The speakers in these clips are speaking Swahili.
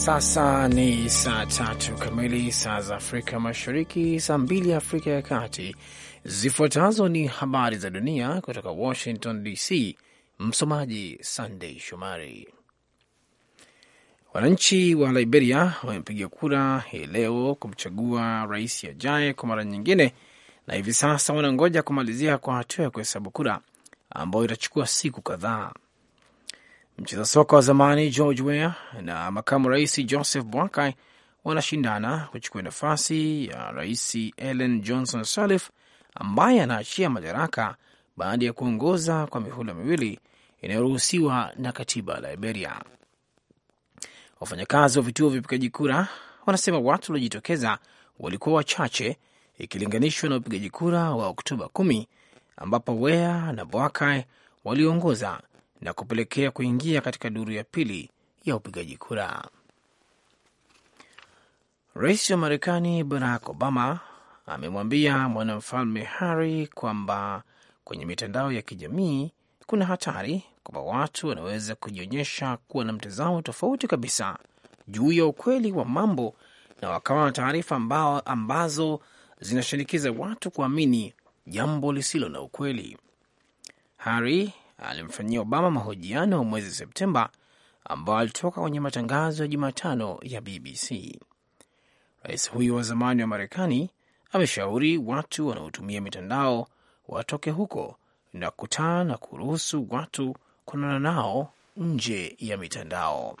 sasa ni saa tatu kamili saa za Afrika Mashariki, saa mbili Afrika ya Kati. Zifuatazo ni habari za dunia kutoka Washington DC. Msomaji Sandei Shomari. Wananchi wa Liberia wamepiga kura hii leo kumchagua rais ajaye kwa mara nyingine, na hivi sasa wanangoja kumalizia kwa hatua ya kuhesabu kura ambayo itachukua siku kadhaa. Mcheza soka wa zamani George Weah na makamu rais Joseph Boakai wanashindana kuchukua nafasi ya rais Ellen Johnson Sirleaf ambaye anaachia madaraka baada ya kuongoza kwa mihula miwili inayoruhusiwa na katiba ya Liberia. Wafanyakazi wa vituo vya upigaji kura wanasema watu waliojitokeza walikuwa wachache ikilinganishwa na upigaji kura wa Oktoba kumi ambapo Wea na Boakai waliongoza na kupelekea kuingia katika duru ya pili ya upigaji kura. Rais wa Marekani Barack Obama amemwambia mwanamfalme Harry kwamba kwenye mitandao ya kijamii kuna hatari kwamba watu wanaweza kujionyesha kuwa na mtazamo tofauti kabisa juu ya ukweli wa mambo na wakawa na taarifa ambazo zinashinikiza watu kuamini jambo lisilo na ukweli. Harry alimfanyia Obama mahojiano mwezi Septemba, ambao alitoka kwenye matangazo ya Jumatano ya BBC. Rais huyo wa zamani wa Marekani ameshauri watu wanaotumia mitandao watoke huko na kutaa na kuruhusu watu kuonana nao nje ya mitandao.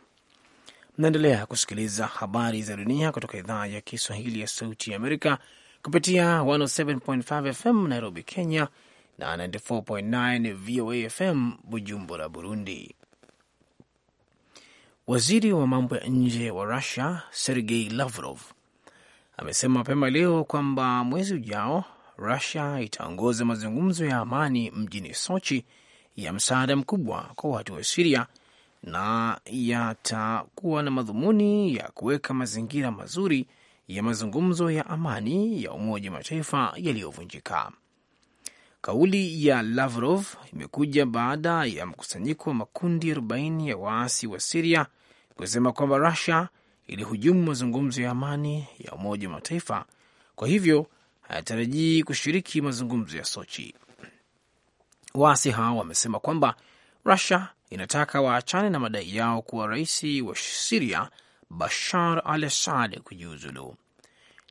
Mnaendelea kusikiliza habari za dunia kutoka idhaa ya Kiswahili ya Sauti ya Amerika kupitia 107.5 FM Nairobi, Kenya na 94.9 VOA FM Bujumbura, Burundi. Waziri wa mambo ya nje wa Rusia Sergei Lavrov amesema mapema leo kwamba mwezi ujao Rusia itaongoza mazungumzo ya amani mjini Sochi ya msaada mkubwa kwa watu wa Siria na yatakuwa na madhumuni ya kuweka mazingira mazuri ya mazungumzo ya amani ya Umoja wa Mataifa yaliyovunjika. Kauli ya Lavrov imekuja baada ya mkusanyiko wa makundi 40 ya waasi wa Siria kusema kwamba Rusia ilihujumu mazungumzo ya amani ya Umoja wa Mataifa, kwa hivyo hayatarajii kushiriki mazungumzo ya Sochi. Waasi hao wamesema kwamba Rusia inataka waachane na madai yao kuwa rais wa Siria Bashar al Assad kujiuzulu.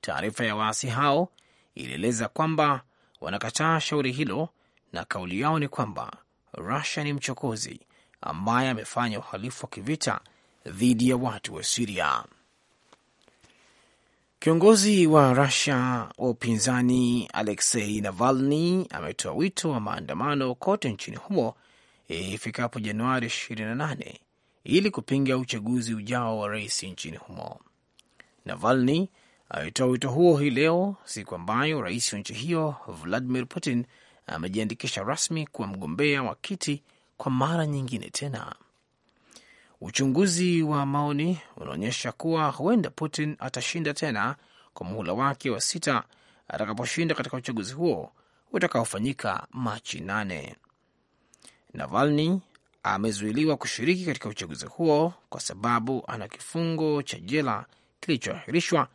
Taarifa ya waasi hao ilieleza kwamba wanakataa shauri hilo na kauli yao ni kwamba Rusia ni mchokozi ambaye amefanya uhalifu wa kivita dhidi ya watu wa Siria. Kiongozi wa Rusia wa upinzani Aleksei Navalny ametoa wito wa maandamano kote nchini humo ifikapo Januari 28 ili kupinga uchaguzi ujao wa rais nchini humo. Navalny alitoa wito huo hii leo, siku ambayo rais wa nchi hiyo Vladimir Putin amejiandikisha rasmi kuwa mgombea wa kiti kwa mara nyingine tena. Uchunguzi wa maoni unaonyesha kuwa huenda Putin atashinda tena kwa muhula wake wa sita atakaposhinda katika uchaguzi huo utakaofanyika Machi nane. Navalny amezuiliwa kushiriki katika uchaguzi huo kwa sababu ana kifungo cha jela kilichoahirishwa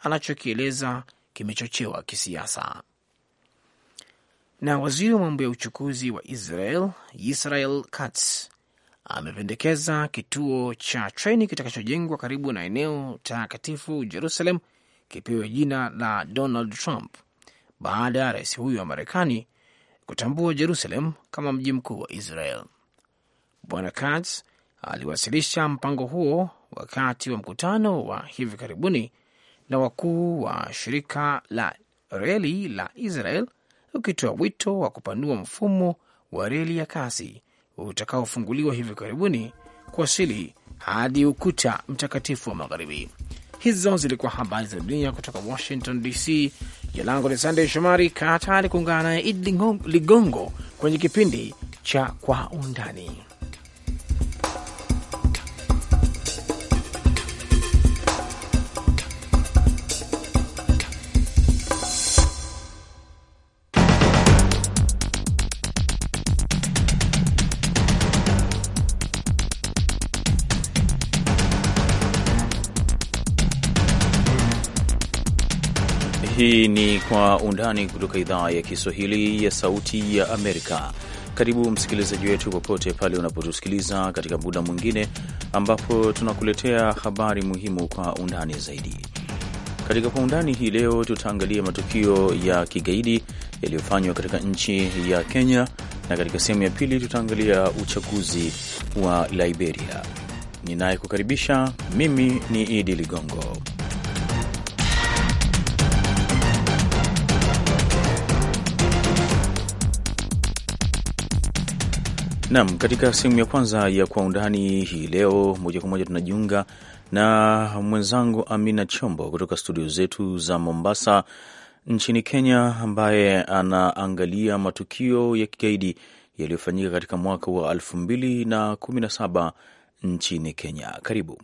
anachokieleza kimechochewa kisiasa. Na waziri wa mambo ya uchukuzi wa Israel Israel Katz amependekeza kituo cha treni kitakachojengwa karibu na eneo takatifu Jerusalem kipewe jina la Donald Trump baada ya rais huyo wa Marekani kutambua Jerusalem kama mji mkuu wa Israel. Bwana Katz aliwasilisha mpango huo wakati wa mkutano wa hivi karibuni na wakuu wa shirika la reli la Israel ukitoa wito wa kupanua mfumo wa reli ya kasi utakaofunguliwa hivi karibuni kuwasili hadi ukuta mtakatifu wa magharibi. Hizo zilikuwa habari za dunia kutoka Washington DC. Jina langu ni Sandey Shomari. Kaa tayari kuungana naye Idi Ligongo kwenye kipindi cha Kwa Undani. Hii ni Kwa Undani kutoka idhaa ya Kiswahili ya Sauti ya Amerika. Karibu msikilizaji wetu popote pale unapotusikiliza katika muda mwingine ambapo tunakuletea habari muhimu kwa undani zaidi. Katika Kwa Undani hii leo tutaangalia matukio ya kigaidi yaliyofanywa katika nchi ya Kenya, na katika sehemu ya pili tutaangalia uchaguzi wa Liberia. Ninayekukaribisha mimi ni Idi Ligongo. Naam, katika sehemu ya kwanza ya kwa undani hii leo, moja kwa moja tunajiunga na mwenzangu Amina Chombo kutoka studio zetu za Mombasa nchini Kenya, ambaye anaangalia matukio ya kigaidi yaliyofanyika katika mwaka wa 217 nchini Kenya. Karibu.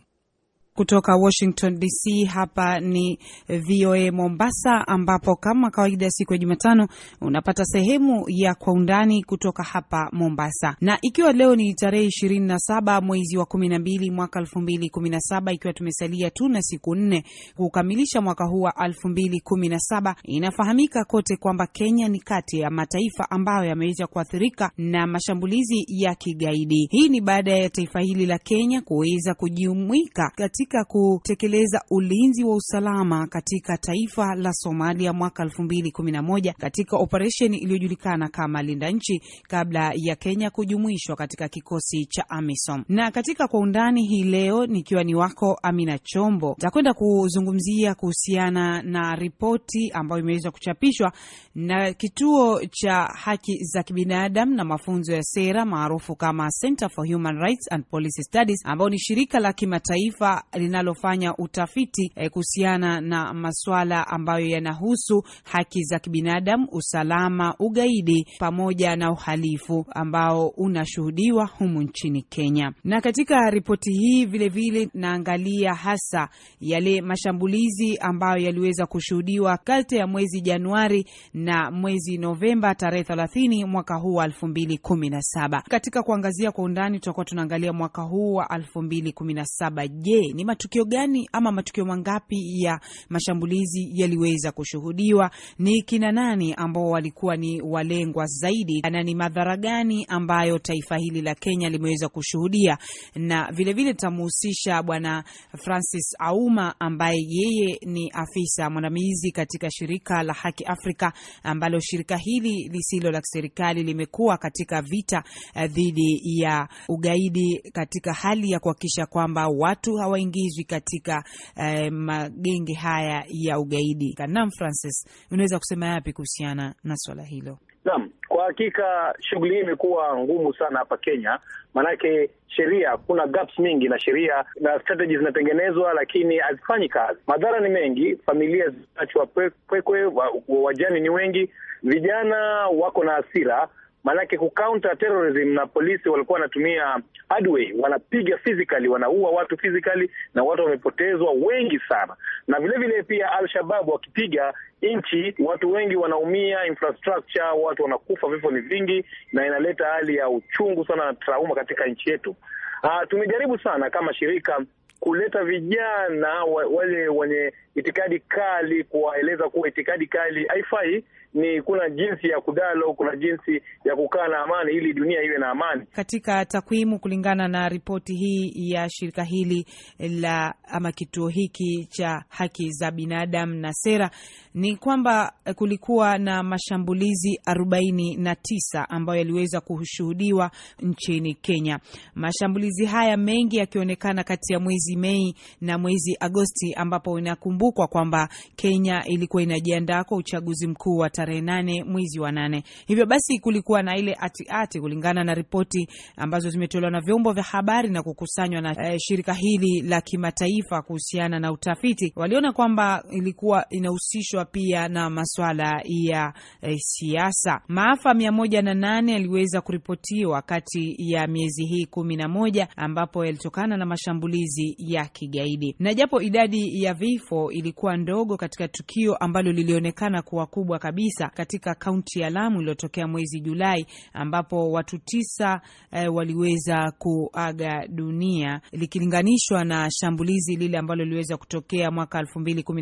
Kutoka Washington DC, hapa ni VOA Mombasa, ambapo kama kawaida siku ya Jumatano unapata sehemu ya kwa undani kutoka hapa Mombasa, na ikiwa leo ni tarehe 27 mwezi wa 12 mwaka 2017, ikiwa tumesalia tu na siku nne kukamilisha mwaka huu wa 2017. Inafahamika kote kwamba Kenya ni kati ya mataifa ambayo yameweza kuathirika na mashambulizi ya kigaidi. Hii ni baada ya taifa hili la Kenya kuweza kujumuika katika katika kutekeleza ulinzi wa usalama katika taifa la Somalia mwaka 2011 katika operesheni iliyojulikana kama Linda Nchi kabla ya Kenya kujumuishwa katika kikosi cha AMISOM. Na katika kwa undani hii leo, nikiwa ni wako Amina Chombo, takwenda kuzungumzia kuhusiana na ripoti ambayo imeweza kuchapishwa na kituo cha haki za kibinadamu na mafunzo ya sera maarufu kama Center for Human Rights and Policy Studies, ambao ni shirika la kimataifa linalofanya utafiti eh, kuhusiana na masuala ambayo yanahusu haki za kibinadamu, usalama, ugaidi pamoja na uhalifu ambao unashuhudiwa humu nchini Kenya. Na katika ripoti hii vilevile naangalia hasa yale mashambulizi ambayo yaliweza kushuhudiwa kati ya mwezi Januari na mwezi Novemba tarehe 30 mwaka huu wa 2017. Katika kuangazia kwa undani, tutakuwa tunaangalia mwaka huu wa 2017. Je, ni matukio gani ama matukio mangapi ya mashambulizi yaliweza kushuhudiwa? Ni kina nani ambao walikuwa ni walengwa zaidi, na ni madhara gani ambayo taifa hili la Kenya limeweza kushuhudia? Na vilevile tutamuhusisha Bwana Francis Auma ambaye yeye ni afisa mwandamizi katika shirika la Haki Afrika, ambalo shirika hili lisilo la kiserikali limekuwa katika vita eh, dhidi ya ugaidi katika hali ya kuhakikisha kwamba watu hawaingi hawaingizwi katika eh, magenge haya ya ugaidi. Naam, Francis, unaweza kusema yapi kuhusiana na swala hilo? Naam, kwa hakika shughuli hii imekuwa ngumu sana hapa Kenya, maanake sheria, kuna gaps mingi na sheria na strategies zinatengenezwa, lakini hazifanyi kazi. Madhara ni mengi, familia zinaachwa pwekwe, wajani ni wengi, vijana wako na hasira maanake kucounter terrorism na polisi walikuwa wanatumia hardway, wanapiga physically, wanaua watu physically, na watu wamepotezwa wengi sana, na vilevile vile pia al wakipiga nchi, watu wengi wanaumia, infrastructure, watu wanakufa, vifo ni vingi, na inaleta hali ya uchungu sana na trauma katika nchi yetu. Uh, tumejaribu sana kama shirika kuleta vijana wale wenye itikadi kali, kuwaeleza kuwa itikadi kali haifai ni kuna jinsi ya kudalo, kuna jinsi ya kukaa na amani ili dunia iwe na amani. Katika takwimu, kulingana na ripoti hii ya shirika hili la ama kituo hiki cha haki za binadamu na sera, ni kwamba kulikuwa na mashambulizi arobaini na tisa ambayo yaliweza kushuhudiwa nchini Kenya. Mashambulizi haya mengi yakionekana kati ya mwezi Mei na mwezi Agosti, ambapo inakumbukwa kwamba Kenya ilikuwa inajiandaa kwa uchaguzi mkuu wa tarehe nane mwezi wa nane. Hivyo basi kulikuwa na ile atiati ati, kulingana na ripoti ambazo zimetolewa na vyombo vya habari na kukusanywa na eh, shirika hili la kimataifa kuhusiana na utafiti, waliona kwamba ilikuwa inahusishwa pia na maswala ya eh, siasa. Maafa mia moja na nane yaliweza kuripotiwa kati ya miezi hii kumi na moja ambapo yalitokana na mashambulizi ya kigaidi, na japo idadi ya vifo ilikuwa ndogo katika tukio ambalo lilionekana kuwa kubwa kabisa kabisa katika kaunti ya Lamu iliyotokea mwezi Julai ambapo watu tisa e, waliweza kuaga dunia likilinganishwa na shambulizi lile ambalo liliweza kutokea mwaka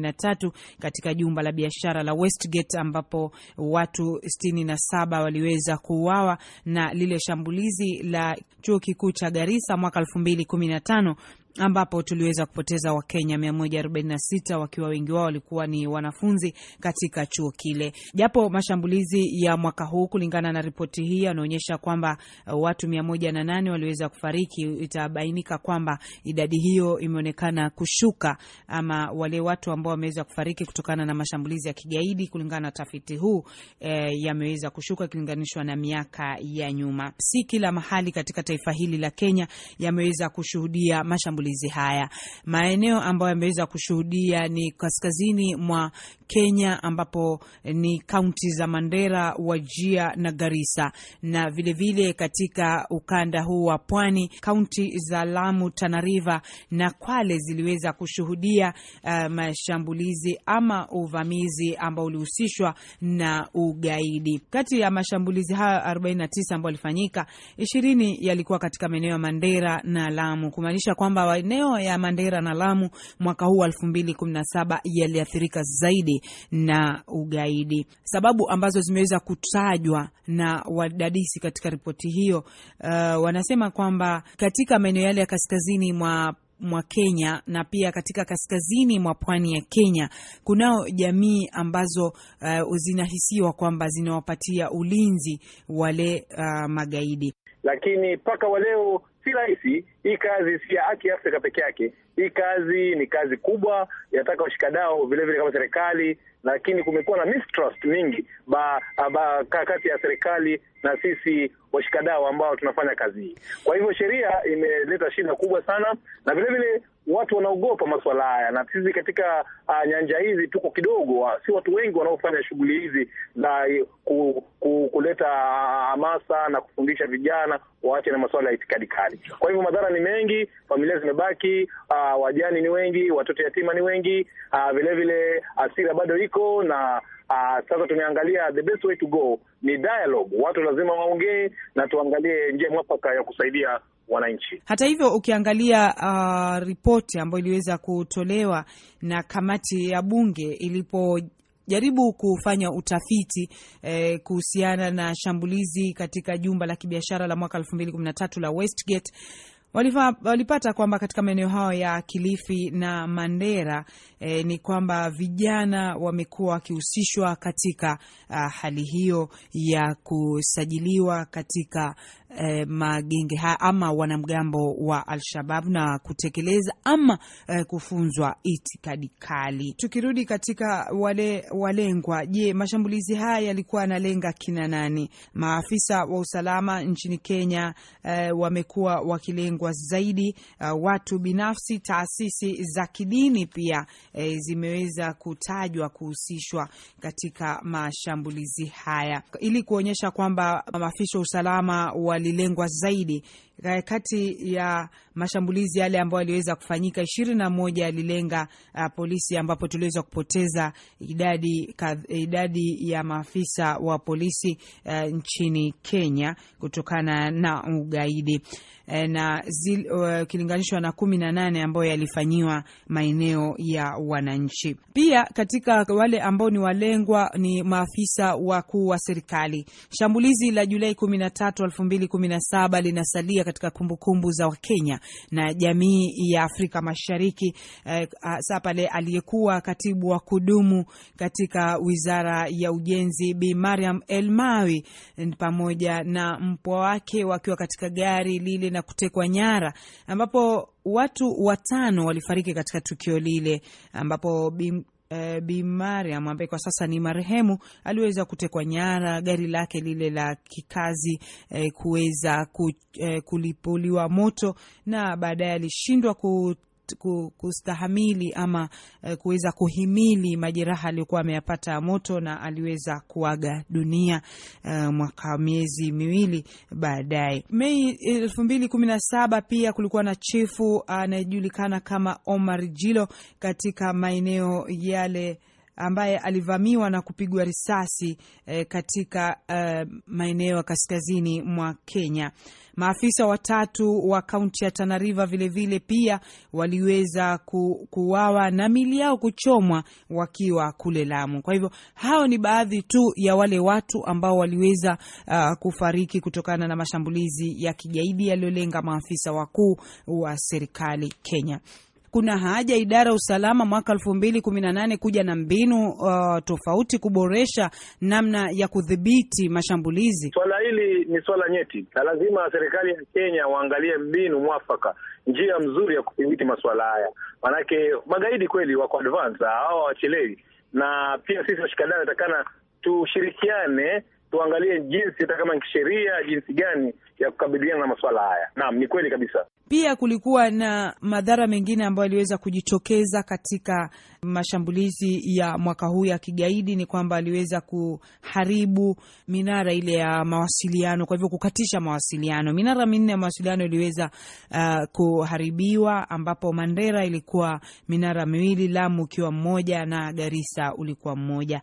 na tatu katika jumba la biashara la Westgate ambapo watu saba waliweza kuuawa na lile shambulizi la chuo kikuu cha Garissa mwaka tano ambapo tuliweza kupoteza Wakenya 146 wakiwa wengi wao walikuwa ni wanafunzi katika chuo kile. Japo mashambulizi ya mwaka huu kulingana na ripoti hii yanaonyesha kwamba uh, watu 108 waliweza kufariki, itabainika kwamba idadi hiyo imeonekana kushuka, ama wale watu ambao wameweza kufariki kutokana na mashambulizi ya kigaidi kulingana na tafiti huu e, yameweza kushuka ikilinganishwa na miaka ya nyuma. Si kila mahali katika taifa hili la Kenya yameweza kushuhudia mashambulizi mashambulizi haya. Maeneo ambayo yameweza kushuhudia ni kaskazini mwa Kenya, ambapo eh, ni kaunti za Mandera, Wajia na Garissa, na vilevile vile katika ukanda huu wa pwani kaunti za Lamu, Tana River na Kwale ziliweza kushuhudia uh, mashambulizi ama uvamizi ambao ulihusishwa na ugaidi. Kati ya mashambulizi hayo 49 ambayo yalifanyika, ishirini yalikuwa katika maeneo ya Mandera na Lamu, kumaanisha kwamba maeneo ya Mandera na Lamu mwaka huu 2017 yaliathirika zaidi na ugaidi. Sababu ambazo zimeweza kutajwa na wadadisi katika ripoti hiyo, uh, wanasema kwamba katika maeneo yale ya kaskazini mwa mwa Kenya na pia katika kaskazini mwa pwani ya Kenya kunao jamii ambazo uh, zinahisiwa kwamba zinawapatia ulinzi wale uh, magaidi, lakini mpaka wa leo si rahisi. Hii kazi si ya Afrika peke yake, hii kazi ni kazi kubwa, inataka washikadao vilevile kama serikali, lakini kumekuwa na mistrust mingi ba, ba, kati ya serikali na sisi washikadau ambao tunafanya kazi hii. Kwa hivyo sheria imeleta shida kubwa sana, na vilevile watu wanaogopa maswala haya, na sisi katika uh, nyanja hizi tuko kidogo, ah, si watu wengi wanaofanya shughuli hizi za eh, ku, ku, kuleta ah, hamasa na kufundisha vijana waache na masuala ya itikadi kali. Kwa hivyo madhara ni mengi, familia zimebaki, uh, wajani ni wengi, watoto yatima ni wengi, vilevile uh, vile, asira bado iko na Uh, sasa tumeangalia the best way to go ni dialogue. Watu lazima waongee na tuangalie njia mwafaka ya kusaidia wananchi. Hata hivyo ukiangalia uh, ripoti ambayo iliweza kutolewa na kamati ya bunge ilipo jaribu kufanya utafiti eh, kuhusiana na shambulizi katika jumba la kibiashara la mwaka elfu mbili kumi na tatu la Westgate Walifa, walipata kwamba katika maeneo hayo ya Kilifi na Mandera e, ni kwamba vijana wamekuwa wakihusishwa katika a, hali hiyo ya kusajiliwa katika eh, magenge haya ama wanamgambo wa alshabab na kutekeleza ama eh, kufunzwa itikadi kali. Tukirudi katika wale walengwa, je, mashambulizi haya yalikuwa yanalenga kina nani? Maafisa wa usalama nchini Kenya eh, wamekuwa wakilengwa zaidi, eh, watu binafsi, taasisi za kidini pia eh, zimeweza kutajwa kuhusishwa katika mashambulizi haya ili kuonyesha kwamba maafisa wa usalama wali lilengwa zaidi Eh, kati ya mashambulizi yale ambayo yaliweza kufanyika, ishirini na moja yalilenga uh, polisi ambapo tuliweza kupoteza idadi, kath, eh, idadi ya maafisa wa polisi uh, nchini Kenya kutokana na ugaidi na ukilinganishwa uh, na kumi na nane ambayo yalifanyiwa maeneo ya wananchi. Pia katika wale ambao ni walengwa ni maafisa wakuu wa serikali. Shambulizi la Julai kumi na tatu elfu mbili kumi na saba linasalia katika kumbukumbu kumbu za Wakenya na jamii ya Afrika Mashariki eh, saa pale aliyekuwa katibu wa kudumu katika wizara ya ujenzi Bi Mariam Elmawi pamoja na mpwa wake wakiwa katika gari lile na kutekwa nyara ambapo watu watano walifariki katika tukio lile ambapo Uh, Bi Mariam ambaye kwa sasa ni marehemu aliweza kutekwa nyara, gari lake lile la kikazi eh, kuweza ku, eh, kulipuliwa moto na baadaye alishindwa ku kustahamili ama eh, kuweza kuhimili majeraha aliyokuwa ameyapata moto, na aliweza kuaga dunia eh, mwaka miezi miwili baadaye. Mei elfu mbili kumi na saba pia kulikuwa na chifu anayejulikana kama Omar Jilo katika maeneo yale ambaye alivamiwa na kupigwa risasi eh, katika eh, maeneo ya kaskazini mwa Kenya. Maafisa watatu wa kaunti ya Tana River vilevile pia waliweza ku, kuuawa na mili yao kuchomwa wakiwa kule Lamu. Kwa hivyo hao ni baadhi tu ya wale watu ambao waliweza uh, kufariki kutokana na mashambulizi ya kigaidi yaliyolenga maafisa wakuu wa serikali Kenya kuna haja idara ya usalama mwaka 2018 kuja na mbinu uh, tofauti kuboresha namna ya kudhibiti mashambulizi? Swala hili ni swala nyeti na lazima serikali ya Kenya waangalie mbinu mwafaka, njia mzuri ya kudhibiti masuala haya, manake magaidi kweli wako advance, hawa wachelewi, na pia sisi washikadau natakana tushirikiane tuangalie jinsi hata kama kisheria jinsi gani ya kukabiliana na masuala haya. Naam, ni kweli kabisa. Pia kulikuwa na madhara mengine ambayo aliweza kujitokeza katika mashambulizi ya mwaka huu ya kigaidi, ni kwamba aliweza kuharibu minara ile ya mawasiliano, kwa hivyo kukatisha mawasiliano. Minara minne ya mawasiliano iliweza uh, kuharibiwa, ambapo Mandera ilikuwa minara miwili, Lamu ukiwa mmoja na Garissa ulikuwa mmoja.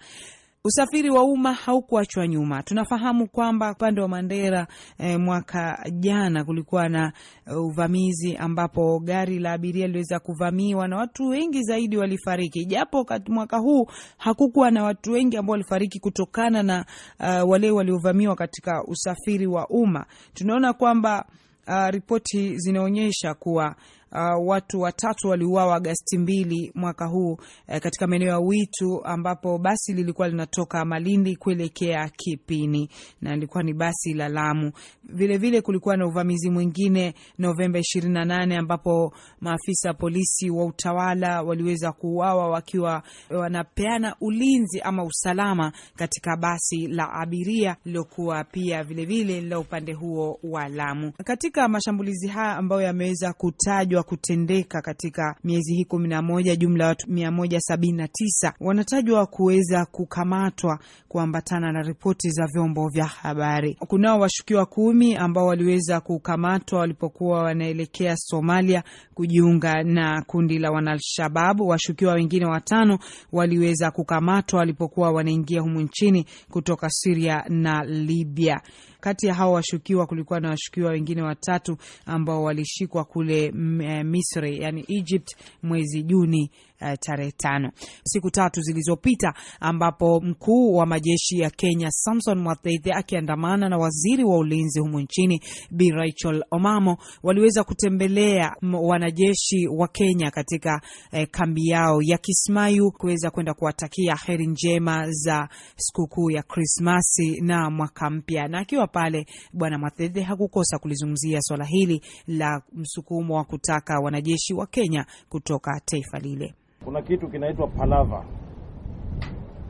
Usafiri wa umma haukuachwa nyuma. Tunafahamu kwamba upande wa Mandera e, mwaka jana kulikuwa na eh, uvamizi ambapo gari la abiria liliweza kuvamiwa na watu wengi zaidi walifariki, japo mwaka huu hakukuwa na watu wengi ambao walifariki kutokana na uh, wale waliovamiwa katika usafiri wa umma. Tunaona kwamba uh, ripoti zinaonyesha kuwa uh, watu watatu waliuawa Agasti mbili mwaka huu uh, katika maeneo ya Witu ambapo basi lilikuwa linatoka Malindi kuelekea Kipini na lilikuwa ni basi la Lamu. Vilevile vile kulikuwa na uvamizi mwingine Novemba 28 ambapo maafisa polisi wa utawala waliweza kuuawa wakiwa wanapeana ulinzi ama usalama katika basi la abiria lilokuwa pia vilevile la upande huo wa Lamu. Katika mashambulizi haya ambayo yameweza kutajwa wa kutendeka katika miezi hii kumi na moja. Jumla ya watu mia moja sabini na tisa wanatajwa kuweza kukamatwa kuambatana na ripoti za vyombo vya habari. Kunao washukiwa kumi ambao waliweza kukamatwa walipokuwa wanaelekea Somalia kujiunga na kundi la wanalshababu. Washukiwa wengine watano waliweza kukamatwa walipokuwa wanaingia humu nchini kutoka Siria na Libya. Kati ya hao washukiwa kulikuwa na washukiwa wengine watatu ambao walishikwa kule eh, Misri, yani Egypt mwezi Juni Eh, tarehe tano, siku tatu zilizopita, ambapo mkuu wa majeshi ya Kenya Samson Mwathethe akiandamana na waziri wa ulinzi humu nchini Bi Rachel Omamo waliweza kutembelea wanajeshi wa Kenya katika eh, kambi yao ya Kismayu kuweza kwenda kuwatakia heri njema za sikukuu ya Krismasi na mwaka mpya. Na akiwa pale, Bwana Mwathethe hakukosa kulizungumzia swala hili la msukumo wa kutaka wanajeshi wa Kenya kutoka taifa lile. Kuna kitu kinaitwa palava.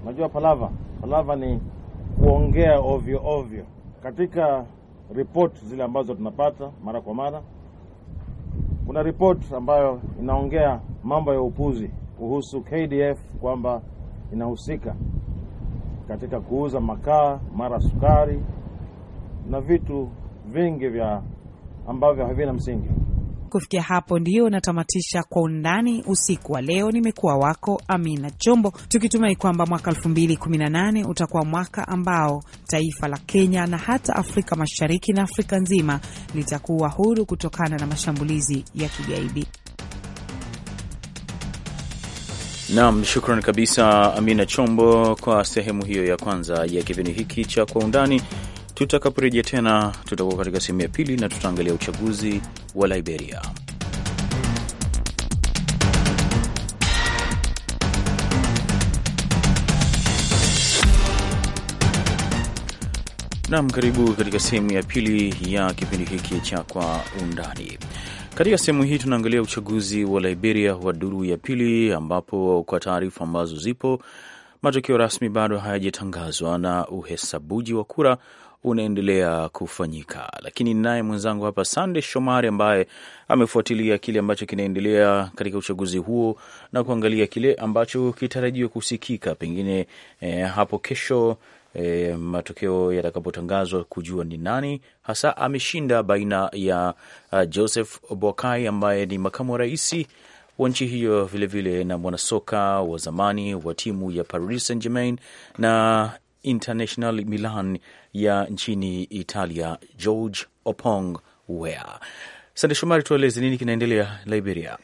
Unajua palava? Palava ni kuongea ovyo ovyo. Katika ripoti zile ambazo tunapata mara kwa mara, kuna ripoti ambayo inaongea mambo ya upuzi kuhusu KDF kwamba inahusika katika kuuza makaa, mara sukari na vitu vingi vya ambavyo havina msingi. Kufikia hapo ndio natamatisha Kwa Undani usiku wa leo. Nimekuwa wako Amina Chombo, tukitumai kwamba mwaka 2018 utakuwa mwaka ambao taifa la Kenya na hata Afrika Mashariki na Afrika nzima litakuwa huru kutokana na mashambulizi ya kigaidi. Nam, shukran kabisa Amina Chombo kwa sehemu hiyo ya kwanza ya kipindi hiki cha Kwa Undani. Tutakaporejea tena, tutakuwa katika sehemu ya pili na tutaangalia uchaguzi wa Liberia. Nam, karibu katika sehemu ya pili ya kipindi hiki cha Kwa Undani. Katika sehemu hii tunaangalia uchaguzi wa Liberia wa duru ya pili, ambapo kwa taarifa ambazo zipo, matokeo rasmi bado hayajatangazwa na uhesabuji wa kura unaendelea kufanyika, lakini naye mwenzangu hapa Sande Shomari ambaye amefuatilia kile ambacho kinaendelea katika uchaguzi huo na kuangalia kile ambacho kitarajiwa kusikika pengine eh, hapo kesho eh, matokeo yatakapotangazwa, kujua ni nani hasa ameshinda baina ya uh, Joseph Boakai ambaye ni makamu wa raisi wa nchi hiyo vilevile na mwanasoka wa zamani wa timu ya Paris Saint Germain na International Milan ya nchini Italia, George Opong Wea. Sande Shomari, tueleze nini kinaendelea Liberia?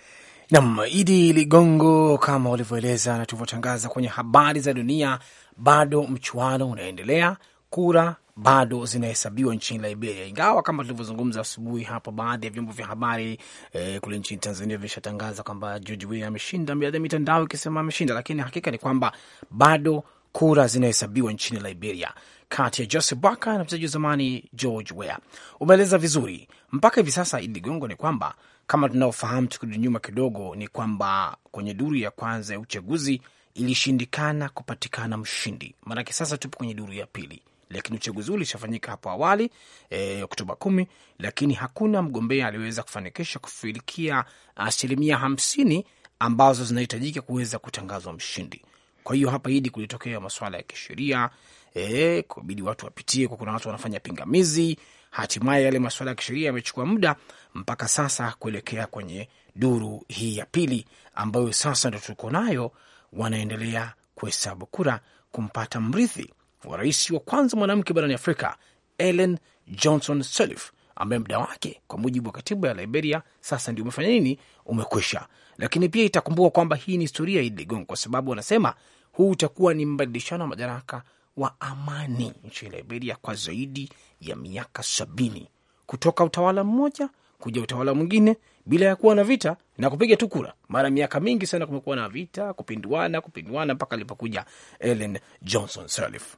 Nam Idi Ligongo, kama ulivyoeleza na tulivyotangaza kwenye habari za dunia, bado mchuano unaendelea, kura bado zinahesabiwa nchini Liberia, ingawa kama tulivyozungumza asubuhi hapo, baadhi ya vyombo vya habari eh, kule nchini Tanzania vimeshatangaza kwamba George Weah ameshinda, baadhi ya mitandao ikisema ameshinda, lakini hakika ni kwamba bado kura zinahesabiwa nchini Liberia kati ya Joseph Baka na mchezaji wa zamani George Weah. Umeeleza vizuri. Mpaka hivi sasa iligongo ni kwamba kama tunaofahamu, tukirudi nyuma kidogo, ni kwamba kwenye duru ya kwanza ya uchaguzi ilishindikana kupatikana mshindi, maanake sasa tupo kwenye duru ya pili, lakini uchaguzi huu ulishafanyika hapo awali e, Oktoba kumi, lakini hakuna mgombea aliweza kufanikisha kufikia asilimia hamsini ambazo zinahitajika kuweza kutangazwa mshindi. Kwa hiyo hapa Idi kulitokea masuala ya kisheria e, kubidi watu wapitie kwa kuna watu wanafanya pingamizi. Hatimaye yale masuala ya kisheria yamechukua muda mpaka sasa kuelekea kwenye duru hii ya pili ambayo sasa ndo tuko nayo, wanaendelea kuhesabu kura kumpata mrithi wa rais wa kwanza mwanamke barani Afrika Ellen Johnson Sirleaf ambaye muda wake kwa mujibu wa katiba ya Liberia sasa ndio umefanya nini, umekwisha. Lakini pia itakumbuka kwamba hii ni historia Idi Ligongo, kwa sababu wanasema huu utakuwa ni mbadilishano wa madaraka wa amani nchini Liberia kwa zaidi ya miaka sabini kutoka utawala mmoja kuja utawala mwingine bila ya kuwa na vita na kupiga tu kura. Mara miaka mingi sana kumekuwa na vita, kupinduana kupinduana, mpaka alipokuja Ellen Johnson Sirleaf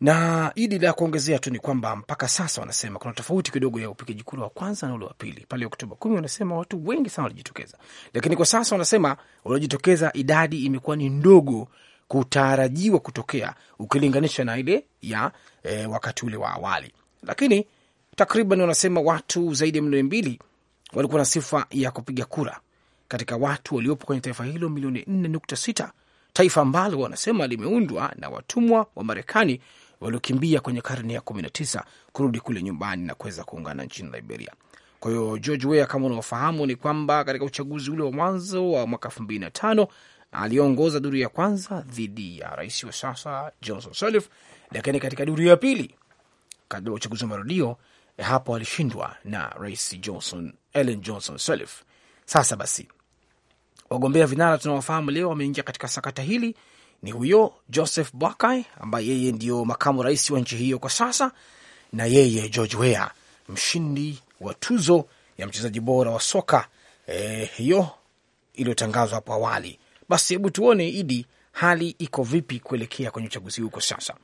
na idi la kuongezea tu ni kwamba mpaka sasa wanasema kuna tofauti kidogo ya upigaji kura wa kwanza na ule wa pili. Pale Oktoba kumi wanasema watu wengi sana walijitokeza, lakini kwa sasa wanasema waliojitokeza idadi imekuwa ni ndogo kutarajiwa kutokea ukilinganisha na ile ya e, wakati ule wa awali, lakini takriban wanasema watu zaidi ya milioni mbili walikuwa na sifa ya kupiga kura katika watu waliopo kwenye taifa hilo milioni 4.6, taifa ambalo wanasema limeundwa na watumwa wa Marekani waliokimbia kwenye karne ya 19 kurudi kule nyumbani na kuweza kuungana nchini Liberia. Kwa hiyo George Weah, kama unaofahamu, ni kwamba katika uchaguzi ule wa mwanzo wa mwaka 2005 aliongoza duru ya kwanza dhidi ya rais wa sasa Johnson Sirleaf, lakini katika duru ya pili katika uchaguzi wa marudio hapo alishindwa na rais Johnson, Ellen Johnson Sirleaf. Sasa basi, wagombea vinara tunawafahamu leo wameingia katika sakata hili ni huyo Joseph Boakai ambaye yeye ndio makamu rais wa nchi hiyo kwa sasa, na yeye George Weah mshindi wa tuzo ya mchezaji bora wa soka eh, hiyo iliyotangazwa hapo awali. Basi hebu tuone Idi, hali iko vipi kuelekea kwenye uchaguzi huu kwa sasa?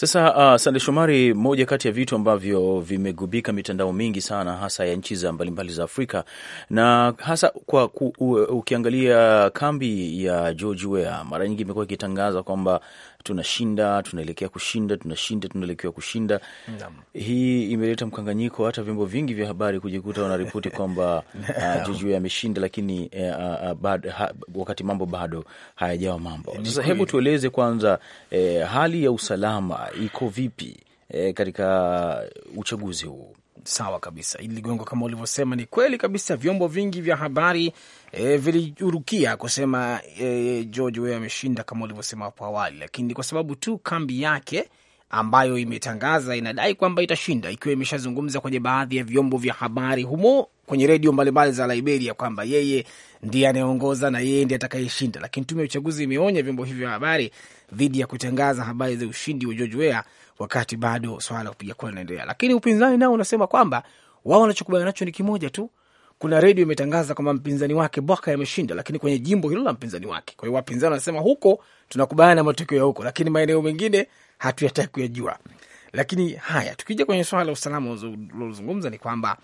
Sasa uh, Sande Shomari, moja kati ya vitu ambavyo vimegubika mitandao mingi sana hasa ya nchi za mbalimbali za Afrika na hasa kwa ku, u, ukiangalia kambi ya George Weah mara nyingi imekuwa ikitangaza kwamba tunashinda, tunaelekea kushinda, tunashinda, tunaelekea kushinda. Hii imeleta mkanganyiko, hata vyombo vingi vya habari kujikuta wanaripoti kwamba uh, Juju ameshinda, lakini uh, uh, uh bad, ha, wakati mambo bado hayajawa mambo. Sasa hebu tueleze kwanza, eh, hali ya usalama iko vipi eh, katika uchaguzi huu? Sawa kabisa, ili Ligongo, kama ulivyosema, ni kweli kabisa. Vyombo vingi vya habari e, viliurukia kusema e, George wewe ameshinda kama ulivyosema hapo awali, lakini kwa sababu tu kambi yake ambayo imetangaza inadai kwamba itashinda, ikiwa imeshazungumza kwenye baadhi ya vyombo vya habari humo kwenye redio mbalimbali za Liberia kwamba yeye ndiye anayeongoza na yeye ndiye atakayeshinda, lakini tume ya uchaguzi imeonya vyombo hivyo vya habari dhidi ya kutangaza habari za ushindi wa George Weah wakati bado swala la kupiga kura linaendelea. Lakini upinzani nao unasema kwamba wao wanachokubaliana nacho ni kimoja tu. Kuna redio imetangaza kwamba mpinzani wake Boka ameshinda, lakini kwenye jimbo hilo la mpinzani wake. Kwa hiyo wapinzani wanasema huko tunakubaliana na matokeo ya huko, lakini maeneo mengine hatuyataki kuyajua. Lakini haya, tukija kwenye swala la usalama ulozungumza, ni kwamba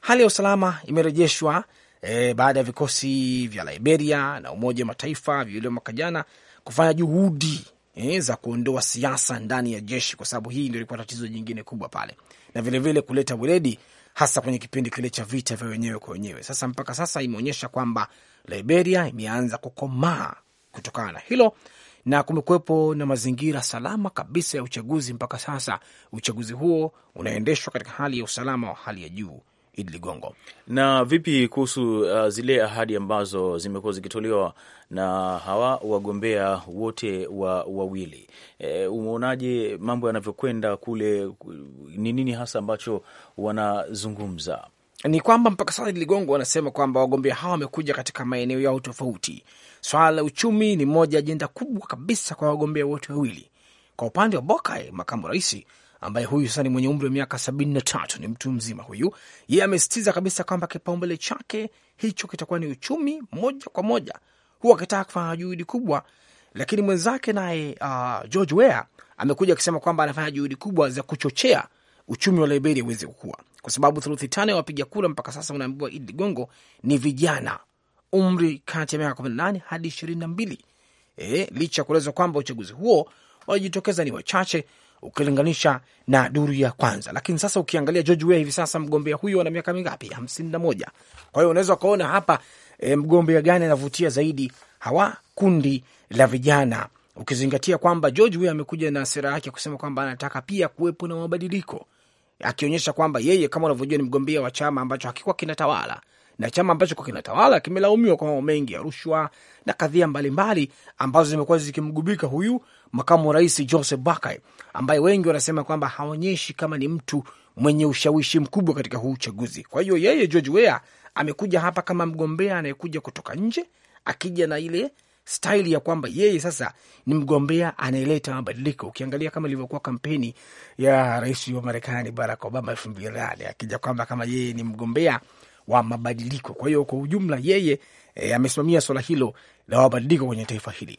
hali ya usalama imerejeshwa e, baada ya vikosi vya Liberia na Umoja wa Mataifa vile mwaka jana kufanya juhudi eh, za kuondoa siasa ndani ya jeshi, kwa sababu hii ndio ilikuwa tatizo jingine kubwa pale, na vilevile vile kuleta weledi hasa kwenye kipindi kile cha vita vya wenyewe kwa wenyewe. Sasa mpaka sasa imeonyesha kwamba Liberia imeanza kukomaa kutokana na hilo, na kumekuwepo na mazingira salama kabisa ya uchaguzi mpaka sasa. Uchaguzi huo unaendeshwa katika hali ya usalama wa hali ya juu. Idi Ligongo. Na vipi kuhusu uh, zile ahadi ambazo zimekuwa zikitolewa na hawa wagombea wote wa wawili? E, umeonaje mambo yanavyokwenda kule? Ni nini hasa ambacho wanazungumza? Ni kwamba mpaka sasa Idi Ligongo wanasema kwamba wagombea hawa wamekuja katika maeneo yao tofauti. Swala la uchumi ni moja ajenda kubwa kabisa kwa wagombea wote wawili. Kwa upande wa Bokai, makamu raisi ambaye huyu sasa ni mwenye umri wa miaka sabini na tatu, ni mtu mzima huyu. Yeye amesitiza kabisa kwamba kipaumbele chake hicho kitakuwa ni uchumi moja kwa moja, huwa akitaka kufanya juhudi kubwa, lakini mwenzake naye uh, George Weah amekuja akisema kwamba anafanya juhudi kubwa za kuchochea uchumi wa Liberia uweze kukua, kwa sababu thuluthi tano ya wapiga kura mpaka sasa, unaambiwa Idi Ligongo, ni vijana umri kati ya miaka kumi na nane hadi ishirini na mbili. E, licha ya kuelezwa kwamba uchaguzi huo waliojitokeza ni wachache, ukilinganisha na duru ya kwanza. Lakini sasa ukiangalia George Weah hivi sasa, mgombea huyo ana miaka mingapi? hamsini na moja. Kwa hiyo unaweza ukaona hapa e, mgombea gani anavutia zaidi hawa kundi la vijana, ukizingatia kwamba George Weah amekuja na sera yake kusema kwamba anataka pia kuwepo na mabadiliko, akionyesha kwamba yeye kama unavyojua ni mgombea wa chama ambacho hakikuwa kinatawala na chama ambacho kwa kinatawala kimelaumiwa kwa mambo mengi ya rushwa na kadhia mbalimbali ambazo zimekuwa zikimgubika huyu makamu wa rais Joseph Boakai ambaye wengi wanasema kwamba haonyeshi kama ni mtu mwenye ushawishi mkubwa katika huu uchaguzi. Kwa hiyo yeye George Wea amekuja hapa kama mgombea anayekuja kutoka nje, akija na ile staili ya kwamba yeye sasa ni mgombea anayeleta mabadiliko. Ukiangalia kama ilivyokuwa kampeni ya rais wa Marekani Barack Obama elfu mbili nane akija kwamba kama yeye ni mgombea wa mabadiliko. Kwa hiyo kwa ujumla yeye e, amesimamia swala hilo la mabadiliko kwenye taifa hili.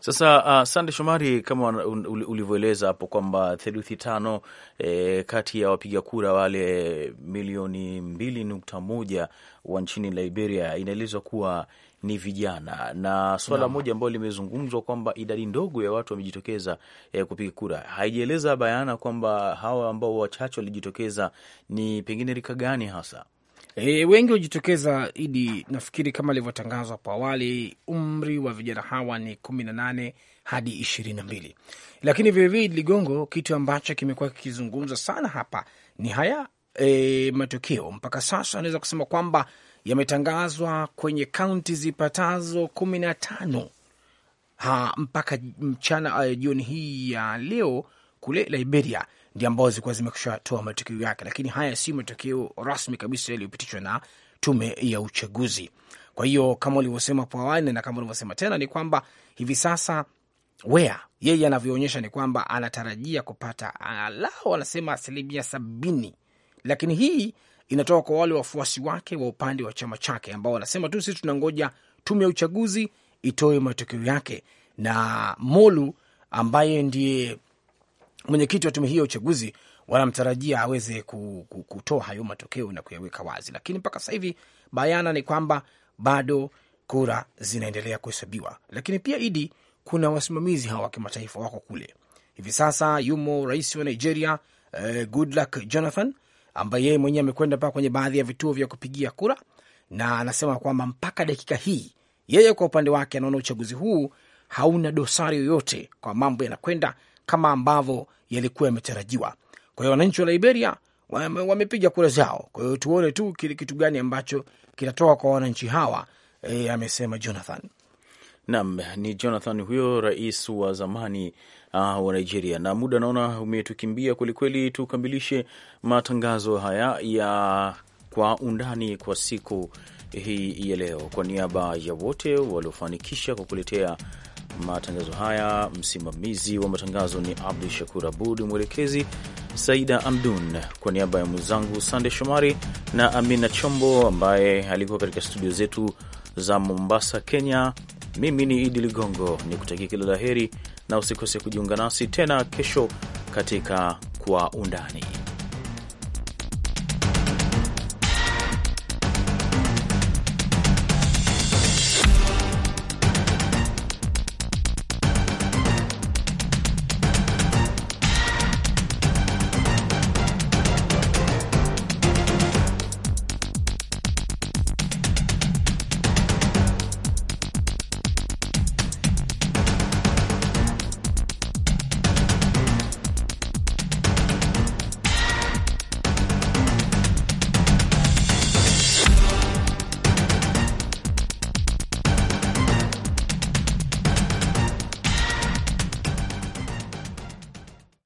Sasa uh, Sande Shomari, kama ulivyoeleza hapo kwamba theluthi tano e, kati ya wapiga kura wale milioni mbili nukta moja wa nchini Liberia inaelezwa kuwa ni vijana, na swala no. moja ambayo limezungumzwa kwamba idadi ndogo ya watu wamejitokeza e, kupiga kura. Haijaeleza bayana kwamba hawa ambao wachache walijitokeza ni pengine rika gani hasa E, wengi hujitokeza idi. Nafikiri kama alivyotangazwa hapo awali, umri wa vijana hawa ni kumi na nane hadi ishirini na mbili, lakini vilevile ligongo, kitu ambacho kimekuwa kikizungumzwa sana hapa ni haya e, matokeo mpaka sasa anaweza kusema kwamba yametangazwa kwenye kaunti zipatazo kumi na tano mpaka mchana e, jioni hii ya leo kule Liberia ndio ambao zilikuwa zimekusha toa matokeo yake, lakini haya si matokeo rasmi kabisa yaliyopitishwa na tume ya uchaguzi. Kwa hiyo kama ulivyosema hapo awali na kama ulivyosema tena, ni kwamba hivi sasa Wea yeye anavyoonyesha ni kwamba anatarajia kupata alao, anasema asilimia sabini, lakini hii inatoka kwa wale wafuasi wake wa upande wa chama chake ambao wanasema tu sisi tunangoja tume ya uchaguzi itoe matokeo yake. Na Molu ambaye ndiye mwenyekiti wa tume hiyo ya uchaguzi wanamtarajia aweze kutoa hayo matokeo na kuyaweka wazi, lakini mpaka sasa hivi bayana ni kwamba bado kura zinaendelea kuhesabiwa. Lakini pia Idi, kuna wasimamizi hawa wa kimataifa wako kule hivi sasa. Yumo rais wa Nigeria eh, Goodluck Jonathan ambaye yeye mwenyewe amekwenda paa kwenye baadhi ya vituo vya kupigia kura, na anasema kwamba mpaka dakika hii yeye kwa upande wake anaona uchaguzi huu hauna dosari yoyote, kwa mambo yanakwenda kama ambavyo yalikuwa yametarajiwa. Kwa hiyo wananchi wa Liberia wamepiga kura zao, kwa hiyo tuone tu kile kitu gani ambacho kitatoka kwa wananchi hawa, e, amesema Jonathan. Naam, ni Jonathan huyo rais wa zamani uh, wa Nigeria. Na muda naona umetukimbia kwelikweli, tukamilishe matangazo haya ya kwa undani kwa siku hii ya leo. Kwa niaba ya wote waliofanikisha kwa kuletea matangazo haya. Msimamizi wa matangazo ni Abdu Shakur Abud, mwelekezi Saida Amdun, kwa niaba ya mwenzangu Sande Shomari na Amina Chombo ambaye alikuwa katika studio zetu za Mombasa, Kenya. Mimi ni Idi Ligongo ni kutakia kila la heri, na usikose kujiunga nasi tena kesho katika Kwa Undani.